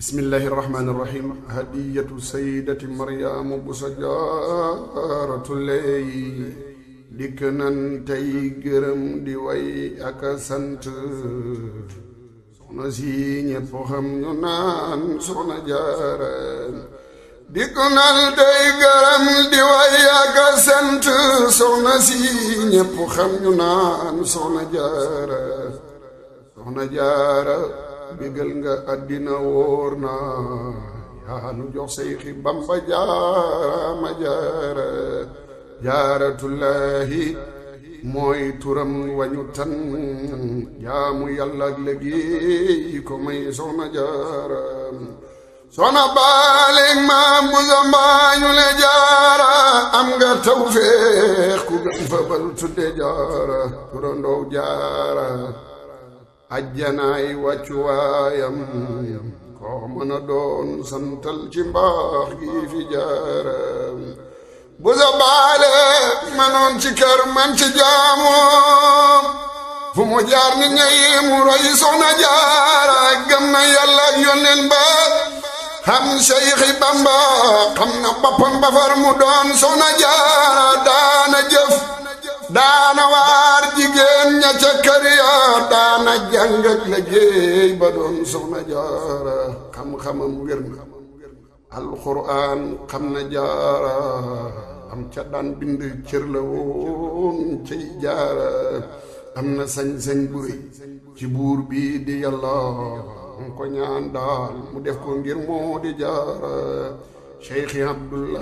bismillahi irrahmani irrahim hadiyatu sayidati maryaama bu sajaratuley dikk nan di way ak sant dikk nan tey di way ak sant soxna si ñépp xam ñu naan soxna jaara soxna bégal nga àddina wóor na yaa nu jox Seyxi Bamba jaarama jaara jaaratullahi mooy turam wañu tan jaamu yàlla ak léegi ko may soxna jaaram soxna baaleeg maam bu zambaañu le jaara am nga tawfeex ku gën fa balu tudde jaara turandoo jaara ajjanaay wàccuwaayam koo mën a doon santal ci mbaax gi jaaram bu sa baale manoon ci kër man ci jaamoom fu mu jaar ni ñey mu roy soxna jaara gëm na yàlla yónneen ba xam Seyxi Bamba xam na boppam far mu doon soxna jaara daana jëf daana waar jigéen ña ca kër daana jàng ak liggéey ba doon soxna jaara xam-xamam wér na alxuraan xam na jaara am ca daan bind cër la woon cay jaara am na sañ-sañ bu ci buur bii di yàlla mu ko ñaan daal mu def ko ngir moo di jaara Cheikh Abdoul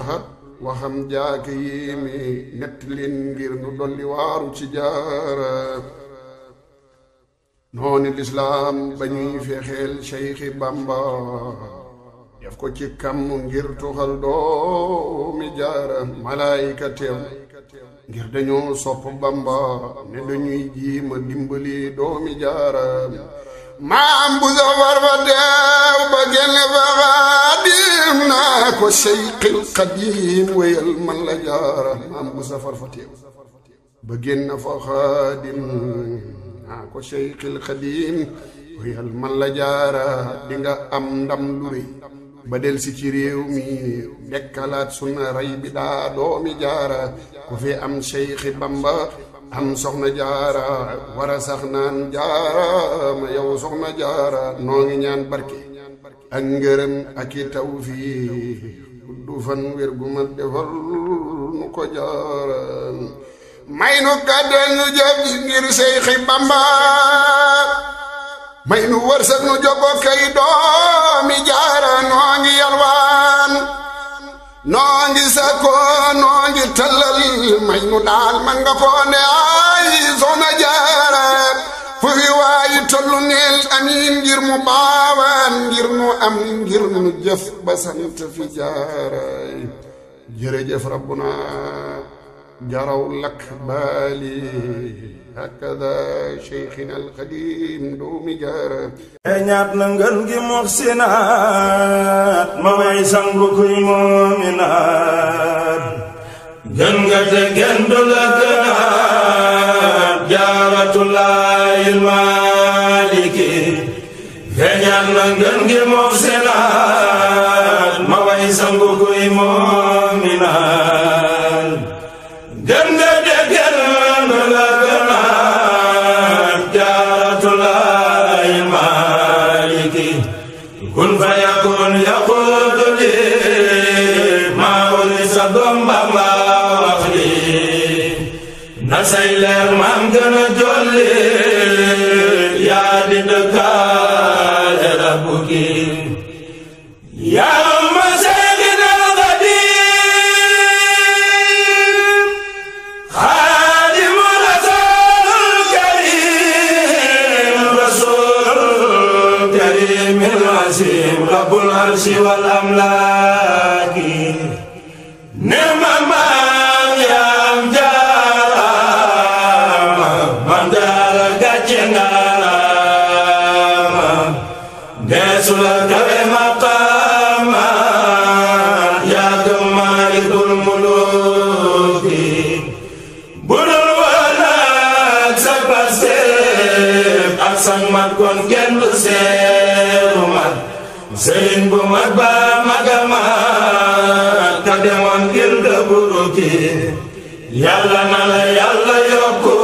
waxam jaake yéeme nett leen ngir nu dolli waaru ci jaara noonu lislaam ba ñuy fexeel Seyxi Bamba def ko ci kam ngir tuxal doomi jaara malaayika teew ngir dañoo sopp Bamba ne dañuy jiima dimbali doomi jaara maam bu safar fa deew ba génne fa xaadim naa ko seyqil xadim wéyal man la jaara maam bu safar fa teew ba génne fa xaadim naa ko seyqil xadim wéyal man la jaara di am ndam lu ba del si ci réew dekkalaat sunna rey bi daa doomi jaara ku fi am seyxi bamba am soxna jaara war a jaara ma yow soxna jaara noo ngi ñaan barke ak ngërëm ak i fan wér ma defal nu ko jaara may nu gàddal nu jëf ngir Seyxi Bamba may nu wërsëg nu jogo kay doomi jaara noo ngi yalwaan noo ngi sakko noo may nu daal man nga koo ay soxna jaara fu fi waayi tollu neel amiin ngir mu baawaan ngir nu am ngir nu jëf ba sant fi jaaray jërëjëf rabbuna jaraw lak baali hakada cheikhina alxadim doomi jaara e ñaat na ngën gi muxsinaat ma way sangu kuy moominaat gën nga te gën du la gënaat jaaratullaahi maaliki feeñaat na gën gi moom ma way sangu kuy gën nga te gën du la sëriñ bu mag ba magama te demoon ngir dëburu ki yàlla na la yàlla yokku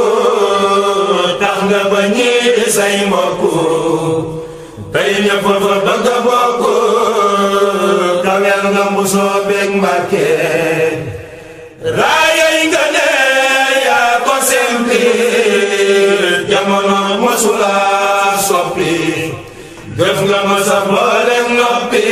tax nga ba ñii di say mbokku tey ñëpp fa bëgg a bokk tawel nga mbusoo beeg mbàkke raayay nga ne yaa ko sempi jamono mosulaa soppi def nga ma sa noppi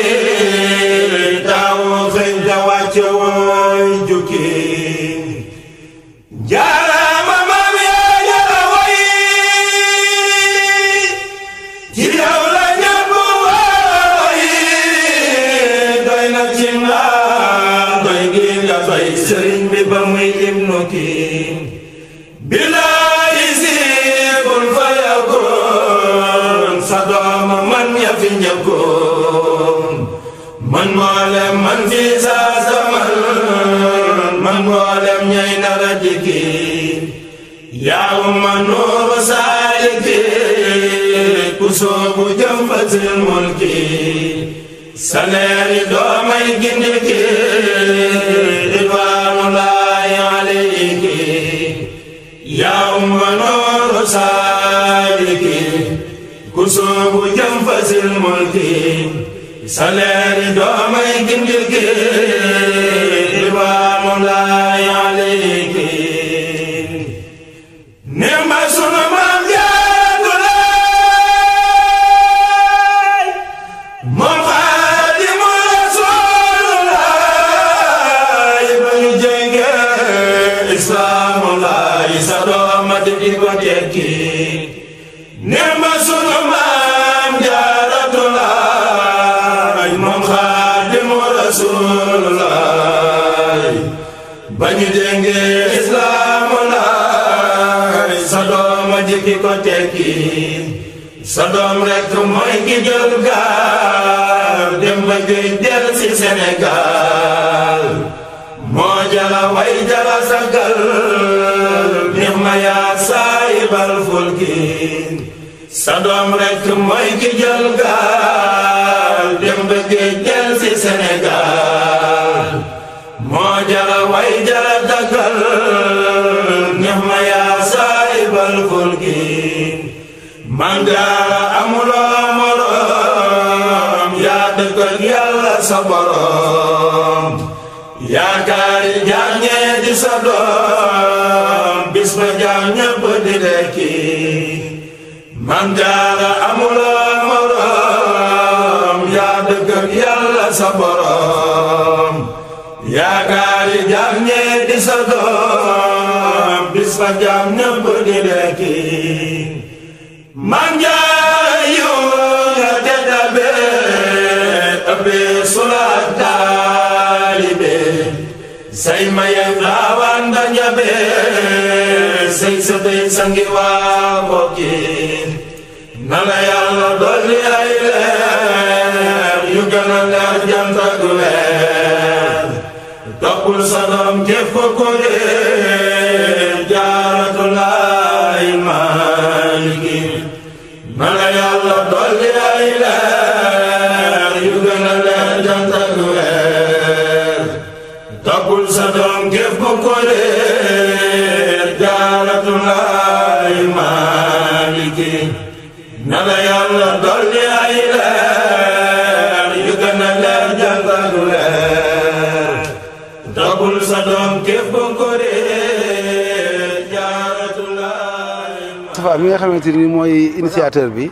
يوم نور سالكي كسوب جنفة الملك سنير دومي جندك رضوان الله عليك يوم نور سالكي كسوب جنفة الملك سنير دومي جندك رضوان الله عليك ba ñu déngee islaam laay sa dooma jikki ko tekki sa doom rek mooy ki jël gaal dem ba way jala sagal nix ma yaa saayibal fulki sa doom rek mooy ki jël gaal dem ba géej moo jara way jara ma yaa saahibal fulki man jaara amuloo moroom yaa dëkk ak yàlla sa boroom yaakaari jaam ñee bis ba jaam ñépp di dekki man jaara amuloo moroom yaa dëkk ak yàlla yaakaari jaam ñee di sa doom bis fa jaam ñëpp di lekki man jaayu nga tedda bee ëppee sulaat taalibe say maye laawaan da njabee say sëtëy sangi waa mbokki na la yàlla dolli ay rabbul salam jëf ko ko leen jaaratulaay maaliki na la yàlla dolli ay leer yu gën a leer jant ak weer rabbul salam jëf ko ko leen jaaratulaay maaliki na la yàlla dolli ay leer sa doom jëf ba nga xamante ni mooy initiateur bi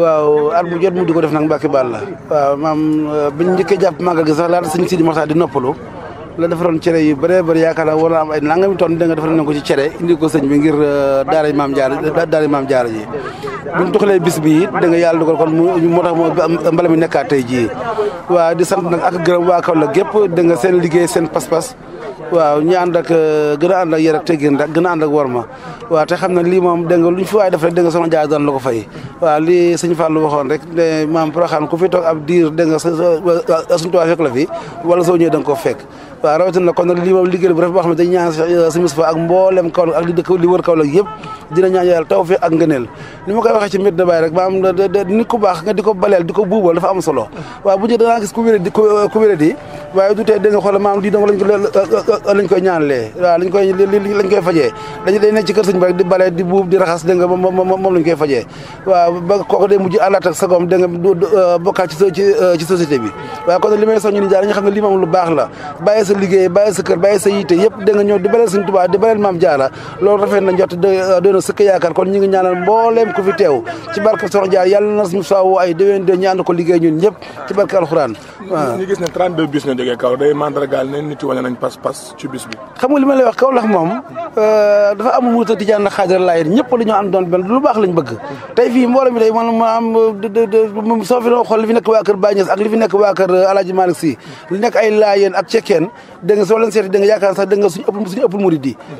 waaw at bu jot mu di ko def nag Mbàkke Bàll la waaw maam euh, biñ njëkkee jàpp màggal gi sax laata sëñ Sidi Moxtaar di noppalu la defaroon cere yu bëree bëri yaakaar naa war naa am ay nangami tonn da nga defaroon nañ ko ci cere indi ko sëñ bi ngir euh, daara maam jaara daara maam jaara ji buñ doxalee bis bi it da nga yàlla dugal kon mu moo tax moo mbala mi nekkaat tey jii waaw di sant nag ak gërëm waa Kaolack gépp da nga seen liggéey seen pas-pas waaw ñu ànd ak euh, gën a ànd ak yar ak teggin gën a ànd ak warma waaw te xam ne lii moom dégg fi waay def rek dégg nga sama daan la ko fay waaw lii sëñ Fallou waxoon rek ne maam Porokhane ku fi toog ab diir dégg nga suñu tubaab fekk la fi da nga koo fekk nit ku baax nga di ko baleel di ko buubal dafa am solo waaw bu ñu danaa gis ku wéré di waaye du tee da nga xool maam lii dong lañ ko lañ koy ñaanalee waaw lañ koy lañ koy fajee dañ day nekk ci kër sëñ bi rek di bale di buub di raxas da nga moom lañ koy fajee waaw ba kooku mujj àllaat ak sagom da euh, bokkaat ci ci euh, bi waaw kon li may soññu ni jaar nga xam ne lii lu baax la bàyyi sa liggéey bàyyi sa kër bàyyi sa yitte yëpp da nga ñëw di baleel sëñ Tuubaa di baleel maam jaara loolu rafet na njott doona euh, sëkk yaakaar kon ñu ngi ñaanal mbooleem ku fi teew ci barke sox jaar yàlla na ñëpp ci jógee kaw day mandargaal ne nit yi pas-pas ci bis xam nga li ma lay wax moom euh, dafa amul wuute Tijaan ak Xaadir Laayeen ñëpp dañoo am doon benn lu sax dégg nga ëpp suñu ëpp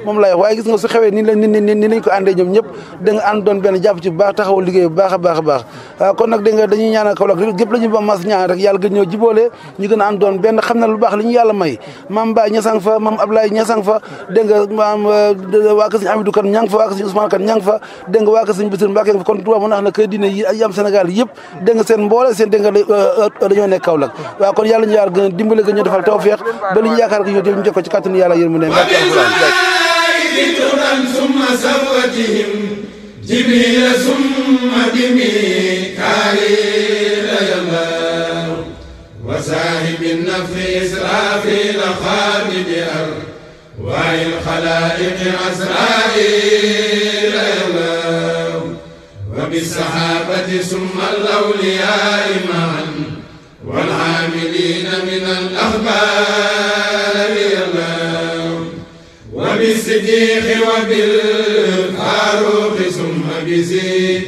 moom laay waaye gis nga su xewee nii lañ nii lañ ñoom ñëpp dégg nga benn jàpp ci baax taxaw liggéey baax a baax a baax ah, kon nag dañuy ñaanal Kaolack gépp la ñu mas ñaan rek yàlla gën ñoo jiboolee ñu gën a ànd benn xam na lu baax li ñu yàlla may maam Baye ñasang fa maam Ablaye ñasang fa dégg nga maam euh, waa ka sëñ Amidou kan ñang fa waa ka sëñ Ousmane kan ñang fa dégg nga waa ka sëñ Bissir Mbacke fa kon Touba mën naa na kër diine yi ay am Sénégal yëpp dégg nga seen mboole seen dégg nga euh, euh, dañoo nekk Kaolack waaw kon yàlla ñu yàlla gën a dimbale gën ñu defal tawfeex ba li ñu yaakaar ko yow ñu jëf ko ci mu ne جبريل ثم بميكائيل وساهم النفخ إسرافيل خادم أرواح الخلائق عزرائيل وبالصحابة ثم الأولياء معا والعاملين من الأخبار وبالصديق وبالفاروق ثم بزيد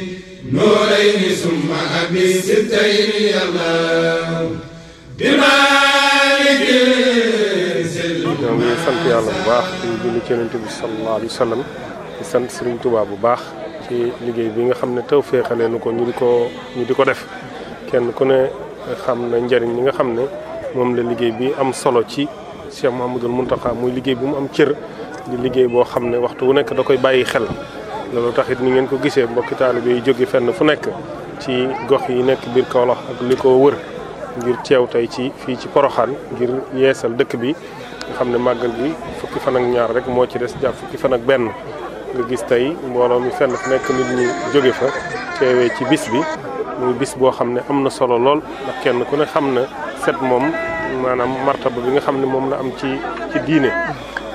نورين ثم أبي الستين يا الله ñoo ngi sant yàlla bu baax di julli ci yonent bi sallallahu alayhi di sant Serigne tubaab bu baax ci liggéey bi nga xam ne taw féexalee nu ko ñu di ko di ko def kenn ku ne xam na njariñ li nga xam ne moom la liggéey bi am solo ci Cheikh Mouhamadoul Mountakha muy liggéey bu mu am cër di liggéey boo xam ne waxtu wu nekk da koy bàyyi xel loolu taxit ni ngeen ko gisee mbokki taalibe yi jóge fenn fu nekk ci gox yi nekk biir Kaolack ak li ko wër ngir teew tey ci fii ci Poroxaan ngir yeesal dëkk bi nga xam ne màggal gi fukki fan ak ñaar rek moo ci des jàpp fukki fan ak benn nga gis tey mbooloo mu fenn fu nekk nit ñi jóge fa teewee ci bis bi muy bis boo xam ne am na solo lool ndax kenn ku ne xam na set moom maanaam martaba bi nga xam ne moom la am ci ci diine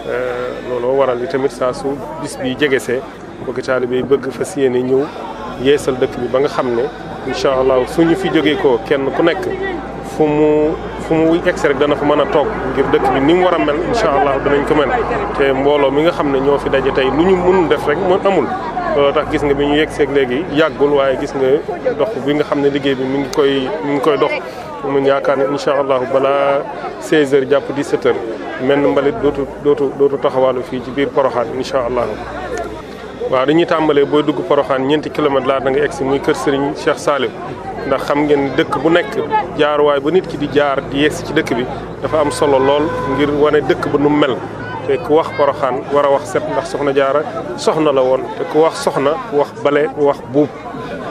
euh, looloo waral yi tamit saa su bis bi jegesee bokki taalibe yi bëgg fas yéene ñëw yeesal dëkk bi ba nga xam ne incha allah su ñu fi jógee ko kenn ku nekk fu mu fu mu egsi rek dana fa mën a toog ngir dëkk bi ni mu war a mel incha allah danañ ko mel te mbooloo mi nga xam ne ñoo fi daje tey lu ñu mënul def rek moo amul loolu tax gis nga bi ñu yegg seeg léegi yàggul waaye gis nga dox bi nga xam ne liggéey bi mi ngi koy mu ngi koy dox mun yaakaar ne incha allah balaa 16h jàpp 17h mel mbalit dootu dootu dootu taxawaalu fii ci biir Porokhane incha allah. waaw dañuy tàmbalee booy dugg Poroxaan ñeenti kilomètres laa da nga egsi muy kër Serigne Cheikh Saliou ndax xam ngeen dëkk bu nekk jaaruwaay ba nit ki di jaar di yegsi ci dëkk bi dafa am solo lool ngir wane dëkk ba nu mel te ku wax Poroxaan war a wax set ndax soxna jaara soxna la woon te ku wax soxna wax bale wax buub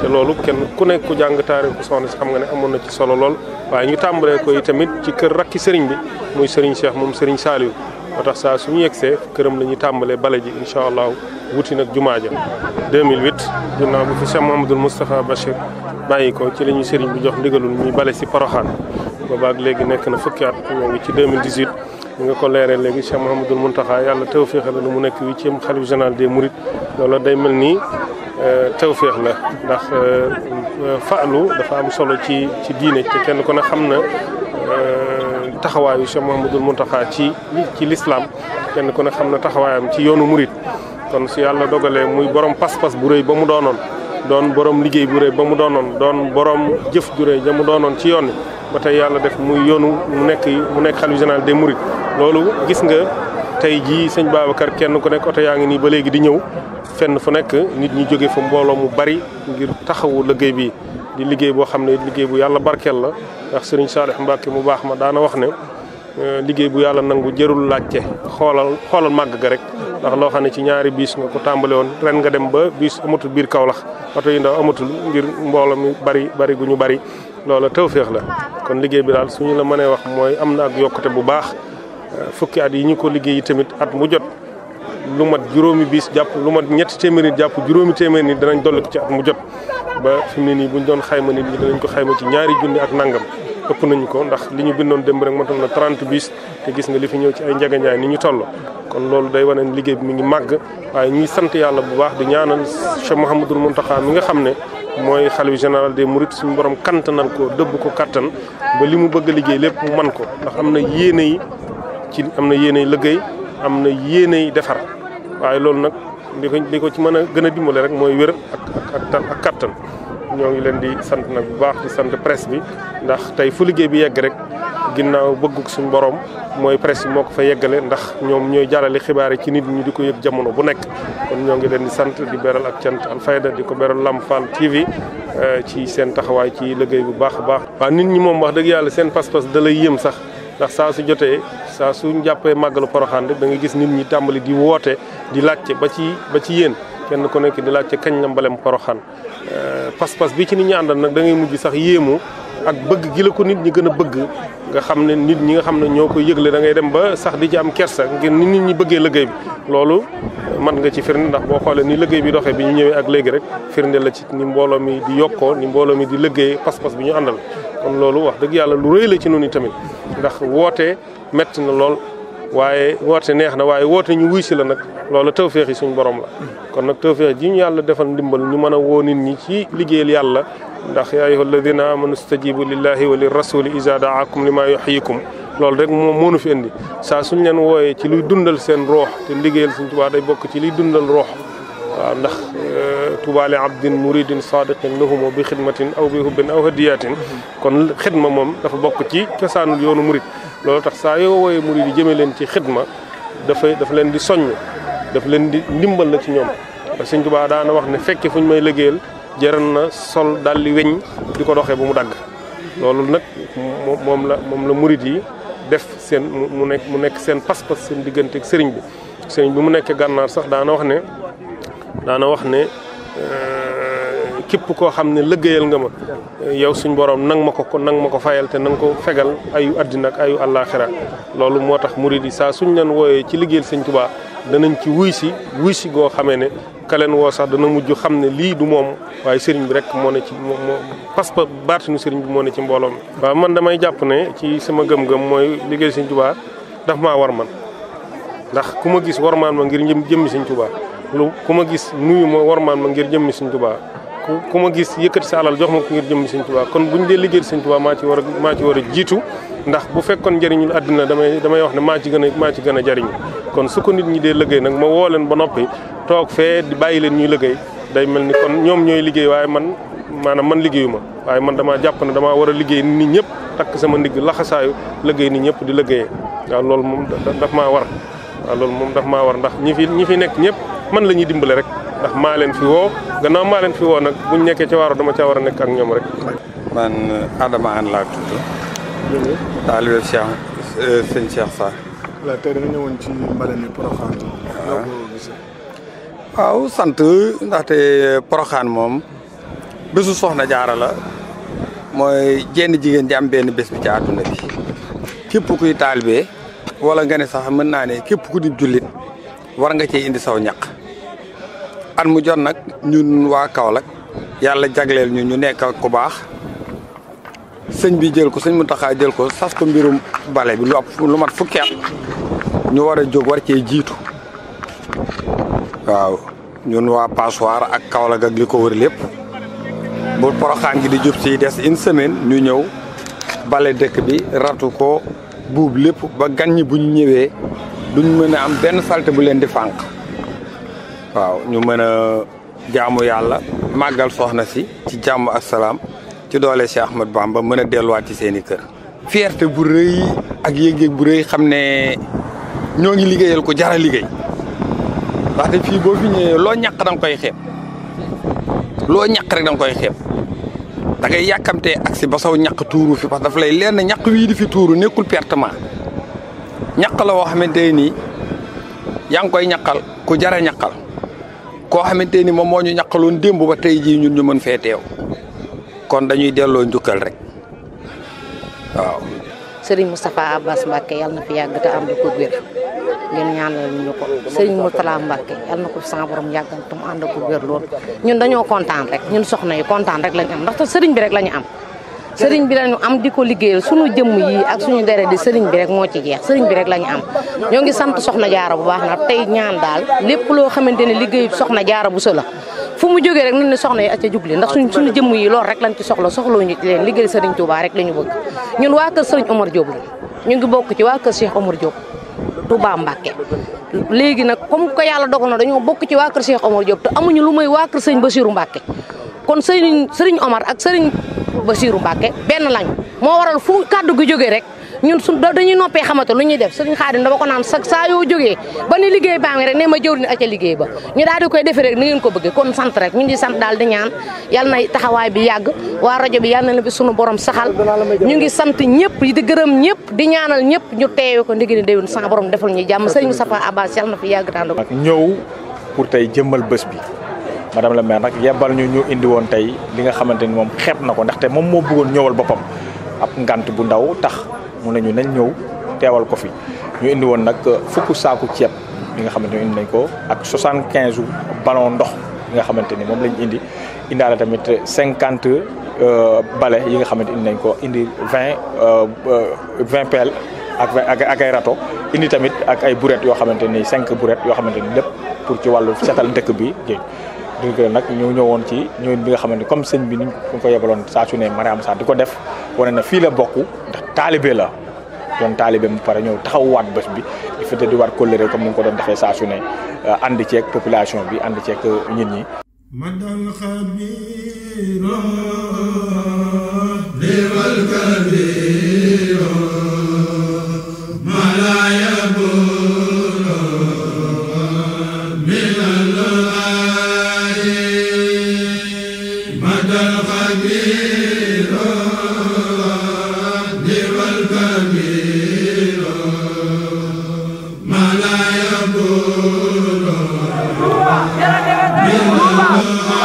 te loolu kenn ku nekk ku jàng taarix bu soxna si xam nga ne amoon na ci solo lool waaye ñu tàmbalee ko yi tamit ci kër rakki sëriñ bi muy sëriñ Cheikh moom sëriñ Saliou moo tax saa su ñu yegsee këram la ñuy tàmbalee bale ji incha allahu wuti nag jumaa ja 2008 ginnaaw bu fi Cheikh Mouhamadoul Moustapha Bachir bàyyi ko ci la ñu sëriñ bi jox ndigalul ñuy bale si Poroxaan boobaak léegi nekk na fukki at ñoo ngi ci 2018 ñu nga ko leeree léegi Cheikh Mouhamadoul Mountakha yàlla tawféex la lu mu nekk huitième xalif général des Mourides loolu day mel nii euh, tawféex la ndax euh, euh, faalu dafa am solo ci ci diine te kenn ku ne xam na taxawaayu Cheikh Mouhamadul Mountakha ci ci lislaam kenn ku ne xam na taxawaayam ci yoonu murit kon su yàlla dogalee muy borom pas-pas bu rëy ba mu doonoon doon borom liggéey bu rëy ba mu doonoon doon borom jëf ju rëy ja mu doonoon ci yoon ba tey yàlla def muy yoonu mu nekk mu nekk xalifa général des mourides loolu gis nga tey jii sëñ Babacar kenn ku nekk oto yaa ngi nii ba léegi di ñëw fenn fu nekk nit ñi jóge fa mbooloo mu bari ngir taxawu liggéey bi di liggéey boo xam ne liggéey bu yàlla barkeel la ndax sëriñ Saalix Mbàkke mu baax ma daana wax ne euh, liggéey bu yàlla nangu jërul laajte xoolal xoolal màgg ga rek ndax loo xam ne ci ñaari biis nga ko tàmbale woon ren nga dem ba biis amatul biir Kaolack oto yi ndaw amatul ngir mbooloo mi bari bari gu ñu bari loola féex la kon liggéey bi daal suñu la mënee wax mooy am na ak yokkute bu baax euh, fukki at yi ñu ko liggéey tamit at mu jot lu mat juróomi biis jàpp lu mat ñetti téeméeri jàpp juróomi téeméeri danañ dolli ci mu jot ba fi mu ne nii bu ñu doon xayma nit ñi dinañ ko xayma ci ñaari junni ak nangam ëpp nañu ko ndax li ñu bindoon démb rek motoon na 30 bis te gis nga li fi ñëw ci ay njagañaay ni ñu toll kon loolu day wane liggéey bi mu ngi màgg waaye ñuy sant yàlla bu baax di ñaanal Cheikh Mouhamadul Mountakha mi nga xam ne mooy xalifa général des mourides suñu borom kantanal ko dëbb ko kàttan ba li mu bëgg a liggéey lépp mu man ko ndax am na yéene yi ci am na yéene yi liggéey am na yéene yi defar waaye loolu nag li ko li ko ci mën a gën a dimbale rek mooy wér ak ak ak kattan ñoo ngi leen di sant nag bu baax di sant presse bi ndax tey fu liggéey bi yegg rek ginnaaw bëggug suñu borom mooy presse bi moo ko fa yeggale ndax ñoom ñooy jàllale xibaar yi ci nit ñi di ko yëg jamono bu nekk. kon ñoo ngi leen di sant di beral ak cant Alfayda di ko beral Lamp Fall TV eh, ci seen taxawaay ci liggéey bu baax a baax. waaw nit ñi moom wax dëgg yàlla seen pas-pas da lay yëm sax. ndax saa su jotee saa su jàppee màggalu poroxaan rek nga gis nit ñi tàmbali di woote di laajte ba ci ba ci yéen kenn ko nekk di laajte kañ la mbalem poroxaan euh, pas-pas bi ci nit ñi àndal nag da ngay mujj sax yéemu ak bëgg gi la ko nit ñi gën a bëgg nga xam ne nit ñi nga xam ne ñoo koy yëgle da ngay dem ba sax di ci am kersa ni nit ñi bëggee liggéey bi loolu mën nga ci firnde ndax boo xoolee ni liggéey bi doxee bi ñu ñëwee ak léegi rek firnde la ci ni mbooloo mi di yokkoo ni mbooloo mi di liggéey pas-pas bi ñu àndal kon loolu wax dëgg yàlla lu rëy la ci noonu tamit ndax woote metti na lool waaye woote neex na waaye woote ñu wuy si la nag loolu tawféex yi suñu borom la. kon nag tawféex ji yàlla defal ndimbal ñu mën a woo nit ñi ci liggéeyal yàlla ndax yaa ayyuha alladina amanu stajibu lillahi wa li rasuli iza daakum li ma yuxyikum loolu rek moom moo nu fi indi saa suñ leen wooyee ci luy dundal seen roox te liggéeyal suñ waa day bokk ci liy dundal roox. waaw ndax euh, tubaale abdin muridin sadiqin lahumo bi xidmatin aw bi hubbin aw hadiyatin kon xidma moom dafa bokk ci cosaanul yoonu murid loolu tax saa yoo wooyee murid yi leen ci xidma dafay dafa leen di soññ daf leen di ndimbal la ci ñoom sëñ Tuubaa daana wax ne fekke fu ñu may liggéeyal jaral na sol dalli weñ di ko doxe bu mu dagg loolu nag moom la moom la murid yi def seen mu nekk mu nekk seen pas-pas seen diggante ak sëriñ bi sëriñ bi mu nekk gànnaar sax daana daana wax ne euh, képp koo xam ne liggéeyal nga ma yow suñ borom nang ma ko ko nang ma ko fayal te nang ko fegal ayu àddina ak ayu àllaaxira loolu moo tax murid yi saa suñ leen wooyee ci liggéeyal sëñ Tuubaa danañ ci wuy si wuy si goo xamee ne ka leen woo sax dana mujj xam ne lii du moom waaye sëriñ bi rek moo ne ci moo parce que baatinu sëriñ bi moo ne ci mbooloom mi waaw man damay jàpp ne ci sama gëm-gëm mooy liggéeyal sëñ Tuubaa daf maa war man ndax ku ma gis war maan ma ngir jëmmi sëñ Tuubaa lu ku ma gis nuyu ma warmaan ma ngir jëmmi Sëñ Tuubaa ku ku ma gis yëkkati sa alal jox ma ko ngir jëmmi Sëñ Tuubaa kon bu ñu dee liggéey Sëñ Tuubaa maa ci war a maa ci war a jiitu ndax bu fekkoon njëriñul àddina damay damay wax ne maa ci gën a maa ci gën a kon su ko nit ñi dee liggéey nag ma woo leen ba noppi toog fee di bàyyi leen ñuy léggéey day mel ni kon ñoom ñooy liggéey waaye man maanaam man liggéeyu ma waaye man damaa jàpp ne dama war a liggéey nit ñëpp takk sama ndigg laxasaayu liggéey nit ñëpp di liggéeyee waaw loolu moom daf maa war waaw moom daf maa war ndax ñi fi ñi fi nekk ñëpp man la ñuy dimbale rek ndax maa leen fi woo gannaaw maa leen fi woo nag buñ nekkee ca waaro dama ca war a nekk ak ñoom rek. man Adama An laa tudd. taalibe Cheikh euh, sëñ Cheikh Sarr. voilà ñëwoon ci mbaleen yi Porokhane. Ah. waaw sant ndaxte euh, Porokhane moom bésu soxna jaara la mooy jenn jigéen di am benn bés bi ci àdduna bi képp kuy taalibe wala nga ne sax mën naa ne képp ku di jullit war nga cee indi saw ñaq at mu jot nag ñun waa Kaolack yàlla jagleel ñu ñu nekk ak ku baax sëñ bi jël ko sëñ Mountakha jël ko sas ko mbirum bale bi lu ëpp lu mat fukki ñu war a jóg war cee jiitu waaw ñun waa Passoir ak Kaolack ak li ko wër lépp bu poroxaan gi di jub si des une semaine ñu ñëw bale dëkk bi ratu ko buub lépp ba gan ñi bu ñu ñëwee duñ mën a am benn salte bu leen di fànq. waaw ñu mën a jaamu yàlla màggal soxna si ci jàmm ak salaam ci doole Cheikh Ahmed ba mën a delluwaat ci seen i kër. fierté bu rëy ak yëg-yëg bu rëy xam ne ñoo ngi liggéeyal ko jara liggéey ndaxte fii boo fi ñëwee loo ñàq da koy xeeb loo ñàq rek da koy xeeb da ngay yàkkamtee agsi ba saw ñàq tuuru fi parce que dafa lay leen na ñàq wii di fi tuuru nekkul pertement ñàq la woo xamante nii yaa ngi koy ñàqal ku jara ñàqal koo xamante ni moom moo ñu ñaqaloon démb ba tey jii ñun ñu mën fee teew kon dañuy delloo njukkal rek waaw. Serigne Moustapha Abbas Mbacke yàlla na fi yàgg te am lu ko wér ngeen ñaanal ñu ko Serigne Moutala Mbacke yàlla na ko sama borom yàggal te mu ànd ko wér lool ñun dañoo kontaan rek ñun soxna yi kontaan rek lañ am ndaxte Serigne bi rek lañu am. sëriñ bi lañu am di ko liggéeyal suñu jëmm yi ak suñu deree di sëriñ bi rek moo ci jeex sëriñ bi rek lañu am ñoo ngi sant soxna jaara bu baax naa tey ñaan daal lépp loo xamante ne liggéeyu soxna jaara bu sa la fu mu jógee rek nañ ne soxna yi acca jubli ndax suñ suñu jëmm yi loolu rek lañ ci soxla soxlawuñu leen liggéeyal sëriñ Touba rek lañu bëgg ñun waa kër sëriñ Omar Diop la ñu ngi bokk ci waa kër Cheikh Omar Diop Touba Mbacké léegi nag comme ko yàlla dogal na dañoo bokk ci waa kër Cheikh Omar Diop amuñu lu may waa kër sëriñ Bassirou Mbacké kon sëriñ sëriñ Omar ak sëriñ ba Basiiru Mbàkke benn lañ moo waral fu kàddu gi jógee rek ñun su dañuy noppee xamata lu ñuy def sëriñ Xaadim dama ko naan sa saa yoo jógee ba ni liggéey baa ngi rek ne ma jëw ni aca liggéey ba ñu daal koy defee rek ngeen ko bëggee kon sant rek ñu ngi sant daal di ñaan yal na taxawaay bi yàgg waa rajo bi yal na bi sunu borom saxal ñu ngi sant ñëpp di gërëm ñëpp di ñaanal ñëpp ñu teewe ko ndigini déwén sa borom defal ñu jàmm sëriñ Moustapha Abbas yal na fi yàgg ñëw pour tey jëmmal bés bi madame la maire nag yebbal ñu ñu indi woon tey li nga xamante ni moom xeeb na ko ndaxte moom moo bëggoon ñëwal boppam ab ngant bu ndaw tax mu ne ñu nañ ñëw teewal ko fi ñu indi woon nag fukk saaku ceeb li nga xamante ni indi nañ ko ak 75 ballon ndox yi nga xamante ni moom lañ indi indaale tamit 50 euh, bale yi nga xamante indi nañ ko indi 20 20 pelle ak ak ak ay rato indi tamit ak ay brouettes yoo xamante ni 5 brouettes yoo xamante ni lépp pour ci wàllu setal ndëkk bi dugg nag ñoo ñëwoon ci ñëwin bi nga xamante comme bi ni ñu ko yebaloon saa su ne Mariama Sarr di ko def wane na fii la bokk ndax taalibe la doon taalibe mu pare ñëw taxaw waat bés bi di fete di waat kóllëre comme ni nga ko doon defee saa su ne euh, ànd ceeg population bi ànd ceeg euh, nit ñi. madal xabiir oh, Amen.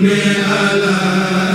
ala